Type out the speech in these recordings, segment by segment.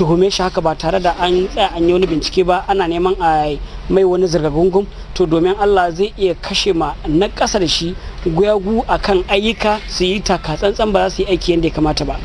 tuhume shi haka ba tare da an tsaya an yi wani bincike ba ana neman a mai wani zirga-gungun to domin allah zai iya kashe ma na ƙasa da shi guyagu a kan ayyuka su yi taka tsantsan ba za su yi aiki yadda ya kamata ba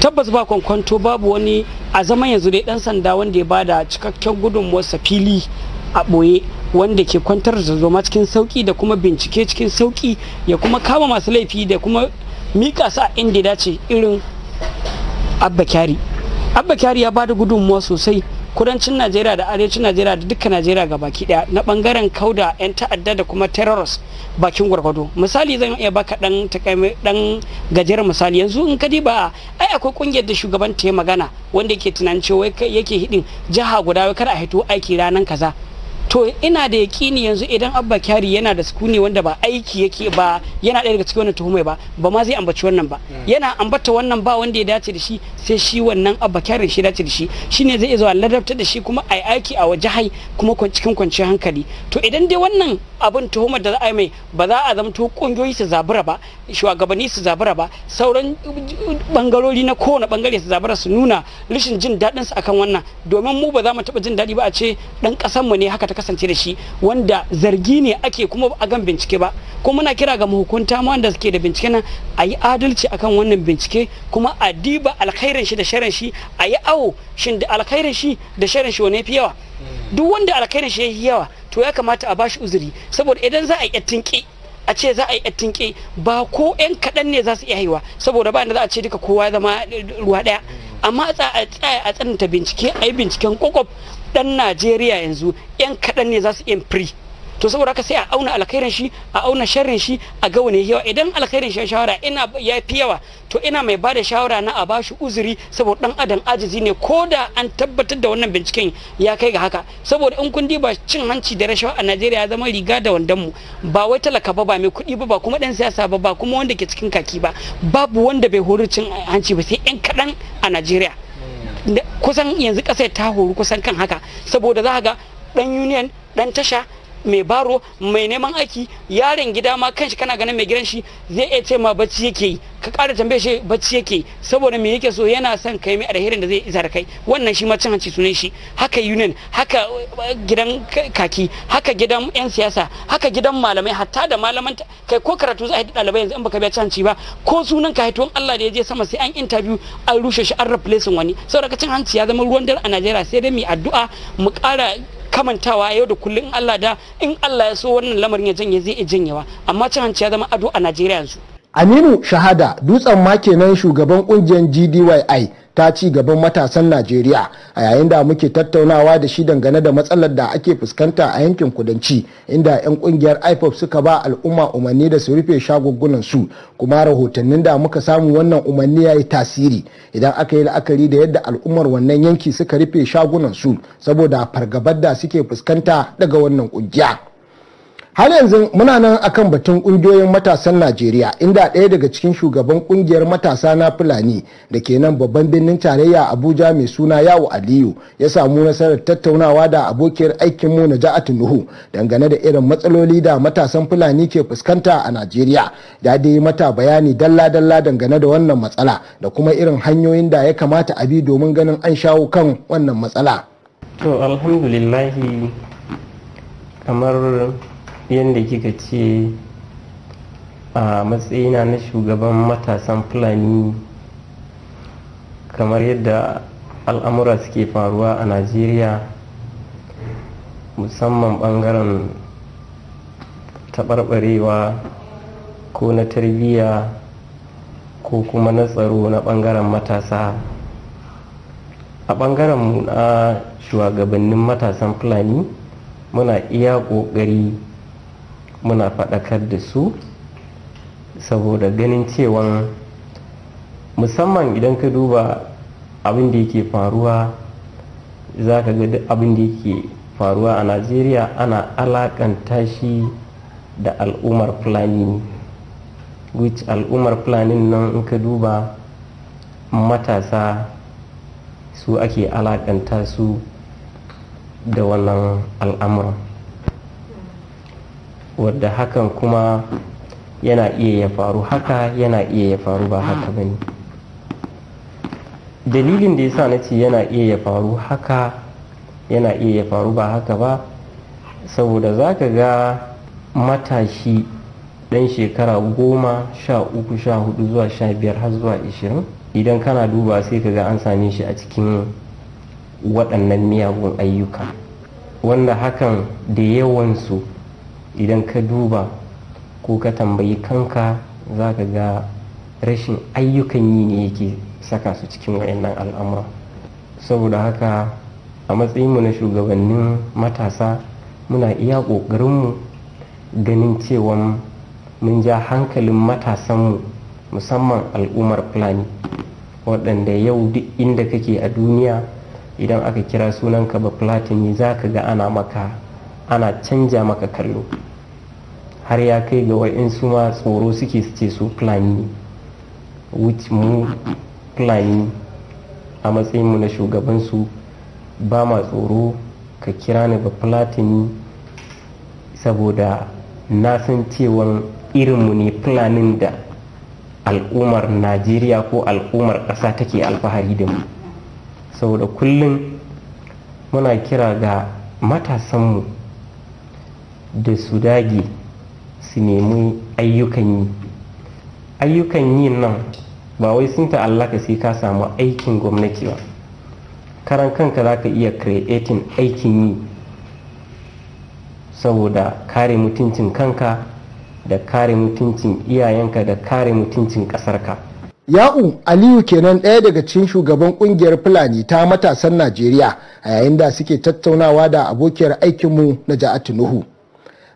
tabbas ba kwankwanto babu wani a zaman yanzu dai dan sanda wanda ya bada cikakken gudunmuwarsa fili a ɓoye wanda ke kwantar da zoma cikin sauki da kuma bincike cikin sauki ya kuma kama masu laifi da kuma mika su a inda dace irin abba kyari abba kyari ya bada gudunmuwa sosai kudancin najeriya da arewacin najeriya da dukkan najeriya ga baki daya na bangaren kauda yan ta'adda da kuma terrorist bakin gwargwado misali zan iya baka dan dan gajeren misali yanzu in ka diba ai akwai kungiyar da shugaban ta magana wanda yake tunanin cewa yake hidin jiha guda wai kar a hito aiki ranan kaza to ina da yakini yanzu idan abba kyari yana da sukuni wanda ba aiki yake ba yana ɗaya daga cikin wannan tuhumai ba ba ma zai ambaci wannan ba hmm. yana ambata wannan ba wanda ya dace da shi sai shi wannan abba kyarin shi dace da shi shine zai iya zuwa ladabta da shi kuma ai aiki a waje hai kuma cikin kwanciyar hankali to idan dai wannan abin tuhumar da za a yi mai ba za a zamto kungiyoyi su zabura ba shugabanni su zabura ba sauran bangarori na kowane bangare su zabura su nuna rashin jin daɗin su akan wannan domin mu ba za mu taɓa jin daɗi ba a ce ɗan ƙasar mu ne haka ta kasance da shi wanda zargi ne ake kuma a gan bincike ba kuma muna kira ga mahukunta ma wanda suke da bincike nan a yi adalci akan wannan bincike kuma a diba alkhairin shi da sharin shi a yi awo shin da alkhairin shi da sharin shi wane fi yawa hmm. duk wanda alkhairin shi ya yi yawa to ya kamata a bashi uzuri saboda idan za a yi tinki a ce za a yi tinki ba ko yan kaɗan ne za su iya haihuwa saboda ba da za a ce duka kowa zama ruwa ɗaya amma a tsaya a tsananta bincike a yi binciken kokof ɗan najeriya yanzu yan kaɗan ne za su iya free to saboda haka sai a auna alkhairin shi a auna sharrin shi a ga wani yawa idan alkhairin shi shawara ina ya fi yawa to ina mai bada shawara na a bashi uzuri saboda dan adam ajizi ne ko da an tabbatar da wannan binciken ya kai ga haka saboda in kun diba cin hanci da rashawa a Najeriya ya zama riga da wandan mu ba wai talaka ba ba mai kuɗi ba ba kuma dan siyasa ba ba kuma wanda ke cikin kaki ba babu wanda bai hori cin hanci ba sai yan kaɗan a Najeriya kusan yanzu ƙasar ta horu kusan kan haka saboda za ka ga dan union dan tasha mai baro mai neman aiki yaren gida ma kanshi kana ganin mai gidan shi zai iya ce ma bacci yake yi ka ƙara tambaye shi bacci yake saboda me yake so yana son kai mai alherin da zai isa da kai wannan shi ma cin hanci sunan shi haka union haka eh, gidan kaki haka gidan yan siyasa haka gidan malamai hatta da malaman kai ko karatu za a yi ɗalibai yanzu in baka biya cin hanci ba ko sunan ka haituwan Allah da ya je sama sai an interview an rushe shi an replace wani saboda cin hanci ya zama ruwan dare a Najeriya sai dai mu addu'a mu ƙara kamantawa yau da kullum in Allah da in Allah ya so wannan lamarin ya janye zai iya janyewa amma cin hanci ya zama ado a Najeriya yanzu aminu shahada dutsen ma kenan shugaban kungiyar gdyi ta ci gaban matasan najeriya a yayin da muke tattaunawa da shi dangane da matsalar da ake fuskanta a yankin kudanci inda 'yan kungiyar ipop suka ba al'umma umarni da su rufe shagugunan su kuma rahotannin da muka samu wannan umarni ya yi tasiri idan aka yi la'akari da yadda al'ummar wannan yanki suka rufe shagunan su saboda fargabar da suke fuskanta daga wannan kungiya. har yanzu muna nan akan batun kungiyoyin matasan najeriya inda ɗaya daga cikin shugaban kungiyar matasa na fulani da ke nan babban birnin tarayya abuja mai suna yawo aliyu ya samu nasarar tattaunawa da abokiyar aikinmu na ja'atu nuhu dangane da irin matsaloli da matasan fulani ke fuskanta a najeriya ya dai mata bayani dalla dalla dangane da wannan matsala da kuma irin hanyoyin da ya kamata a bi domin ganin an shawo kan wannan matsala to alhamdulillahi kamar yadda kika ce a matsayina na shugaban matasan fulani kamar yadda al'amura suke faruwa a najeriya musamman bangaren taɓarɓarewa ko na tarbiyya ko kuma na tsaro na ɓangaren matasa a bangaren mu na shugabannin matasan fulani muna iya ƙoƙari muna faɗakar da su saboda ganin cewan musamman idan ka duba abin da yake faruwa za ka ga abin da yake faruwa a najeriya ana alakanta shi da al'ummar fulani which al'ummar fulani nan in ka duba matasa su ake alakanta su da wannan al'amuran wadda hakan kuma yana iya ya faru haka yana iya ya faru ba haka ba ne dalilin da ya sa na ce yana iya ya faru haka yana iya ya faru ba haka ba saboda za ka ga matashi dan shekara goma sha uku sha hudu zuwa sha biyar har zuwa ishirin idan kana duba sai ka ga an same shi a cikin waɗannan miyagun ayyuka wanda hakan da yawansu idan ka duba ko ka tambayi kanka za ka ga rashin ayyukan yi ne yake saka su cikin wayannan al'amura saboda haka a matsayinmu na shugabannin matasa muna iya ƙoƙarinmu ganin cewa mun ja hankalin matasanmu musamman al'ummar fulani waɗanda yau duk inda kake a duniya idan aka kira sunanka ba platini za ka ga ana maka ana canja maka kallo har ya kai ga wa'insu ma tsoro suke su ce su fulani which mu fulani a matsayinmu na shugabansu ba ma tsoro ka kira ni ba platini saboda na san irin irinmu ne fulanin da al'ummar najeriya ko al'ummar ƙasa take alfahari da mu saboda kullum muna kira ga matasanmu da su dage su nemi ayyukan yi ayyukan yin nan ba wai sun ta'allaka sai ka samu aikin gwamnati ba karan kanka za ka iya creating aikin yi saboda kare mutuncin kanka da kare mutuncin iyayenka da kare mutuncin ƙasarka. ya'u aliyu kenan ɗaya daga cikin shugaban kungiyar fulani ta matasan najeriya a yayin da suke tattaunawa da abokiyar aikinmu na ja'atu nuhu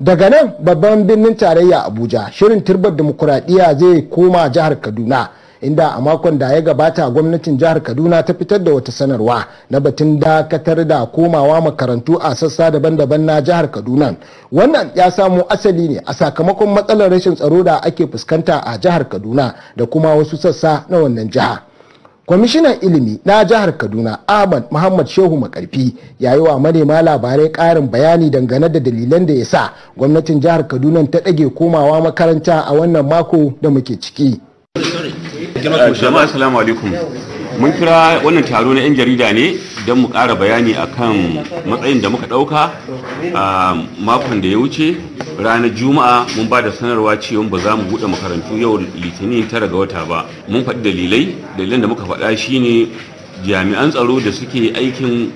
daga nan babban birnin tarayya abuja shirin turbar dimokuraɗiyya zai koma jihar kaduna inda a makon da ya gabata gwamnatin jihar kaduna ta fitar da wata sanarwa na batun dakatar da komawa makarantu a sassa daban-daban na jihar kaduna wannan ya samu asali ne a sakamakon matsalar rashin tsaro da ake fuskanta a jihar kaduna da kuma wasu sassa na wannan jiha. kwamishinan ilimi na jihar kaduna ahmad muhammad shehu makarfi ya yi wa manema labarai karin bayani dangane da dalilan da ya sa gwamnatin jihar kaduna ta ɗage komawa makaranta a wannan mako da muke ciki jama'a mun kira wannan taro na 'yan jarida ne don mu ƙara bayani a kan matsayin da muka ɗauka a makon da ya wuce ranar juma'a mun ba da sanarwa cewa ba za mu buɗe makarantu yau litinin tara ga wata ba mun faɗi dalilai dalilan da muka faɗa shine jami'an tsaro da suke aikin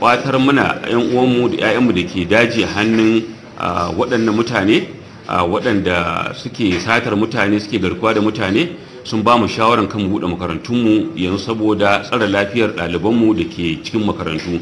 ƙwatar mana 'yan uwanmu da 'ya'yanmu da ke daji hannun waɗannan mutane waɗanda suke satar mutane suke garkuwa da mutane sun ba mu shawaran kan buɗe makarantunmu yanzu saboda tsara lafiyar ɗalibanmu da ke cikin makarantu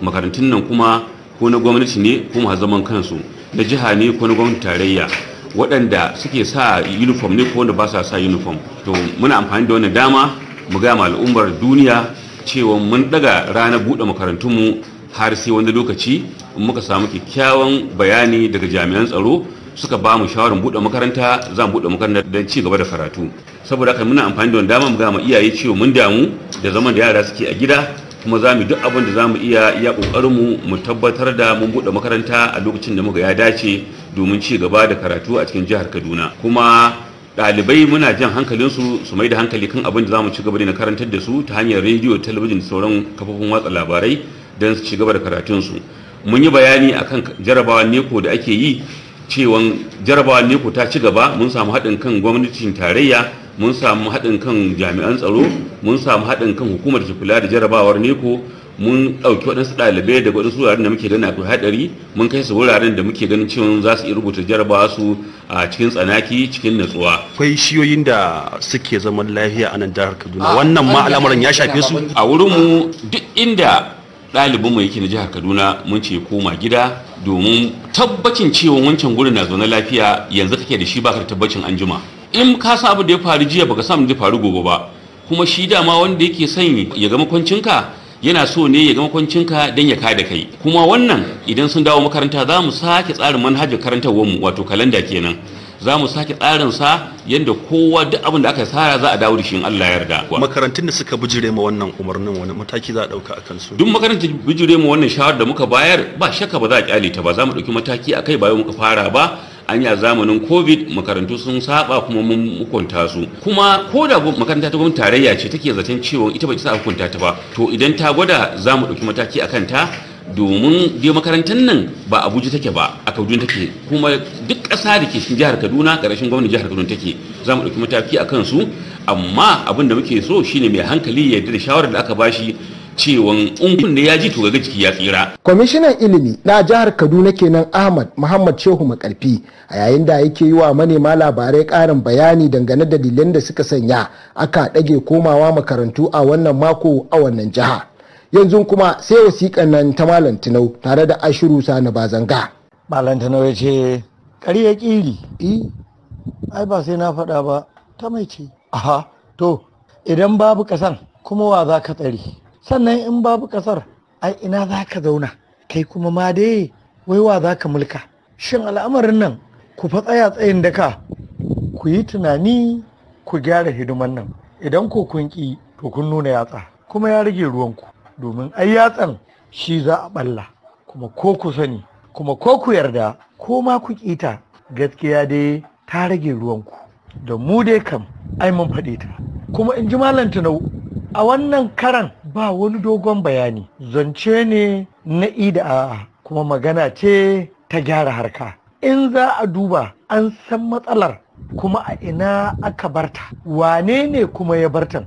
makarantun nan kuma ko na gwamnati ne ko masu zaman kansu na jiha ne ko na gwamnati tarayya waɗanda suke sa uniform ne ko wanda ba sa sa uniform to muna amfani da wannan dama mu ga al'ummar duniya cewa mun daga ranar buɗe makarantunmu har sai wani lokaci muka samu kyakkyawan bayani daga jami'an tsaro suka ba mu shawarar buɗe makaranta za mu buɗe makaranta don ci gaba da karatu saboda haka muna amfani da dama mu ga iyaye cewa mun damu da zaman da yara suke a gida kuma za mu duk abin da za mu iya iya ƙoƙarinmu mu tabbatar da mun buɗe makaranta a lokacin da muka ya dace domin ci gaba da karatu a cikin jihar kaduna kuma ɗalibai muna jan hankalinsu su mai da hankali kan abin da za mu ci gaba da karantar da su ta hanyar rediyo talabijin da sauran kafofin watsa labarai don su ci gaba da karatunsu mun yi bayani akan jarabawa neko da ake yi Cewa jarabawa ne ku ta ci gaba mun samu haɗin kan gwamnatin tarayya mun samu haɗin kan jami'an tsaro mun samu haɗin kan hukumar da kula da jarabawar neko mun ɗauki waɗansu ɗalibai daga waɗansu wuraren da muke ganin akwai haɗari mun kai su wuraren da muke ganin cewa za su iya rubuta jarabawa su a cikin tsanaki cikin natsuwa akwai shiyoyin da suke zaman lafiya a nan jihar kaduna wannan ma al'amuran ya shafe su a wurinmu duk inda ɗalibinmu yake na jihar kaduna mun ce koma gida domin tabbacin cewa wancan gurin na zaune lafiya yanzu kake da shi baka da tabbacin anjima in ka san abu da ya faru jiya ba baka san da faru gobe ba kuma shi dama wanda yake son ya ga makwancinka yana so ne ya ga makwancinka don ya kada kai kuma wannan idan sun dawo makaranta za mu sake tsarin manhajar karantarwar mu wato kalanda kenan za mu sake tsarin sa yadda kowa duk abin da aka tsara za a dawo da shi in Allah ya yarda makarantun da suka bijire ma wannan umarnin wani mataki za a dauka akan su duk makarantun da bijire ma wannan shawar da muka bayar ba shakka ba za a kyale ta ba za mu dauki mataki akai bayan muka fara ba an zamanin covid makarantu sun saba kuma mun hukunta su kuma ko da makaranta ta gwamnati tarayya ce take zaton cewa ita ba ta hukunta ta ba to idan ta gwada za mu ɗauki mataki a kanta domin biyu makarantar nan ba abuja take ba a kaduna take kuma duk ƙasa da ke cikin jihar kaduna ƙarashin gwamnan jihar kaduna take za mu ɗauki mataki a kansu amma abin da muke so shine mai hankali ya da shawarar da aka bashi cewan unkun ne ya ji to ga jiki ya tsira. Kwamishinan ilimi na jihar Kaduna kenan Ahmad Muhammad Shehu Makarfi a yayin da yake yi wa manema labarai ƙarin bayani dangane da dalilan da suka sanya aka ɗage komawa makarantu a wannan mako a wannan jiha. yanzu kuma sai wasiƙan nan ta malam tinau tare da ashiru sa na bazanga malam tinau ya ce ƙarya ƙiri ai ba sai na faɗa ba ta mai ce aha to idan babu ƙasar. kuma wa za ka tsari sannan in babu ƙasar ai ina za ka zauna kai kuma ma dai wai wa za ka mulka shin al'amarin nan ku fa tsaya tsayin daka ku yi tunani ku gyara hidiman nan idan ko kun ƙi to kun nuna yatsa kuma ya rage ruwanku domin ai yatsan shi za a balla kuma ko ku sani kuma ko ku yarda ko ma ku kita gaskiya dai ta rage ruwanku da mu dai kam ai mun faɗe ta kuma in ji malam tunau a wannan karan ba wani dogon bayani zance ne na ida a'a kuma magana ce ta gyara harka in za a duba an san matsalar kuma a ina aka barta wane ne kuma ya bartan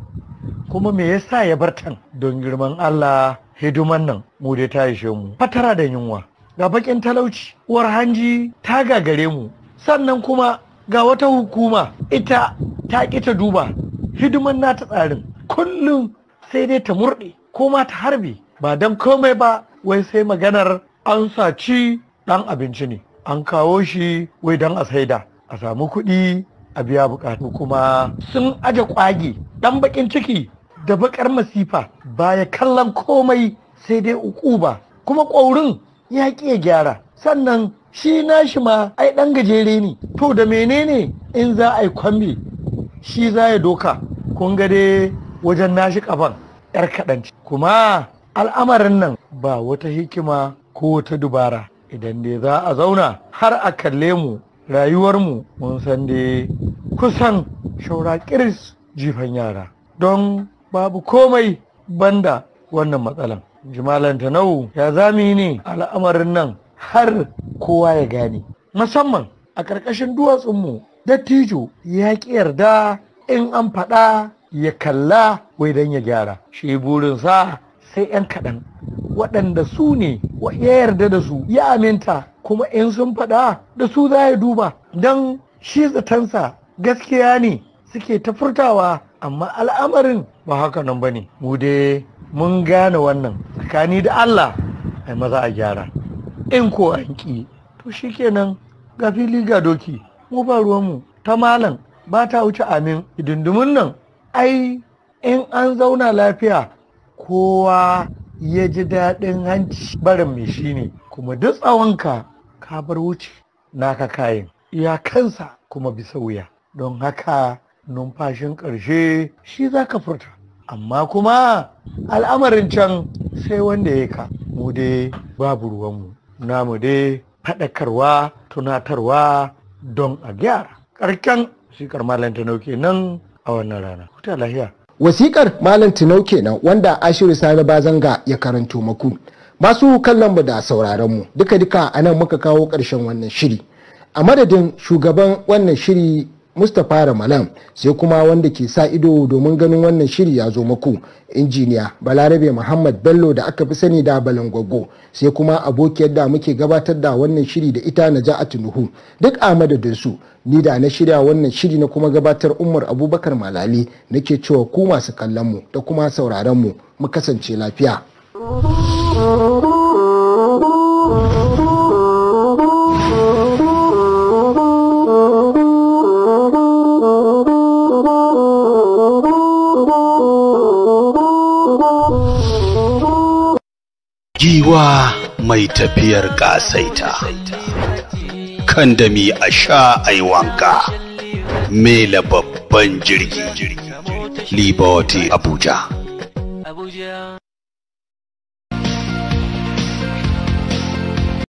kuma me yasa ya bar tan don girman Allah hidiman nan mu dai ta ishe mu fatara da yunwa ga bakin talauci uwar hanji ta gagare mu sannan kuma ga wata hukuma ita ta ƙi ta duba hidiman ta tsarin kullum sai dai ta murɗe ko ma ta harbe ba dan komai ba wai sai maganar an saci dan abinci ne an kawo shi wai don a saida a samu kuɗi a biya bukatu kuma sun aje kwage dan bakin ciki da bakar masifa baya kallon komai sai dai uku ba, kuma ƙwaurin ya ƙi gyara sannan shi nashi ma ai dan gajere ne to da menene in za a yi kwambe shi za ya doka kun ga dai wajen nashi kafan yar kaɗan kuma al'amarin nan ba wata hikima ko wata dubara idan dai za a zauna har a kalle mu rayuwarmu mun san dai kusan shaura kiris jifan yara don babu komai banda wannan matsalan jimalan tanau ya zami ne al'amarin nan har kowa ya gane musamman a ƙarƙashin duwatsunmu dattijo ya ƙi yarda in an faɗa ya kalla wai don ya gyara shi burinsa sai 'yan kaɗan waɗanda su ne ya yarda da su ya aminta kuma in sun faɗa da su za ya duba don shi zatansa gaskiya ne suke ta furtawa amma al'amarin ba haka nan ba ne mu dai mun gane wannan tsakani da allah ai maza a gyara in ko an ƙi to kenan ga fili ga doki mu ba ruwanmu ta malam ba ta wuce amin idindumin nan ai in an zauna lafiya kowa ya ji daɗin hanci barin mai shi ne kuma duk tsawonka ka bar wuce naka kayan iyakansa kuma bisa wuya don haka numfashin ƙarshe shi za ka furta amma kuma al'amarin can sai wanda ya ka mu dai babu ruwanmu mu dai faɗakarwa tunatarwa don a gyara ƙarken shikar malam tinau kenan a wannan rana huta lahiya wasikar malam tinau kenan wanda ashiru sani bazanga ya karanto maku masu kallon mu da sauraron mu duka duka a nan muka kawo karshen wannan shiri a madadin shugaban wannan shiri mustapha ramalan sai kuma wanda ke sa ido domin ganin wannan shiri ya zo muku injiniya balarabe muhammad bello da aka fi sani da balangwaggo sai kuma abokiyar da muke gabatar da wannan shiri da ita na ja'atu nuhu duk a madadin su ni da na shirya wannan shiri na kuma gabatar umar abubakar malali nake cewa ku masu kallon mu da kuma sauraron mu mu kasance lafiya. Giwa mai tafiyar ƙasaita, kan da mi a sha aiwanka, mela babban jirgi, Liberty Abuja.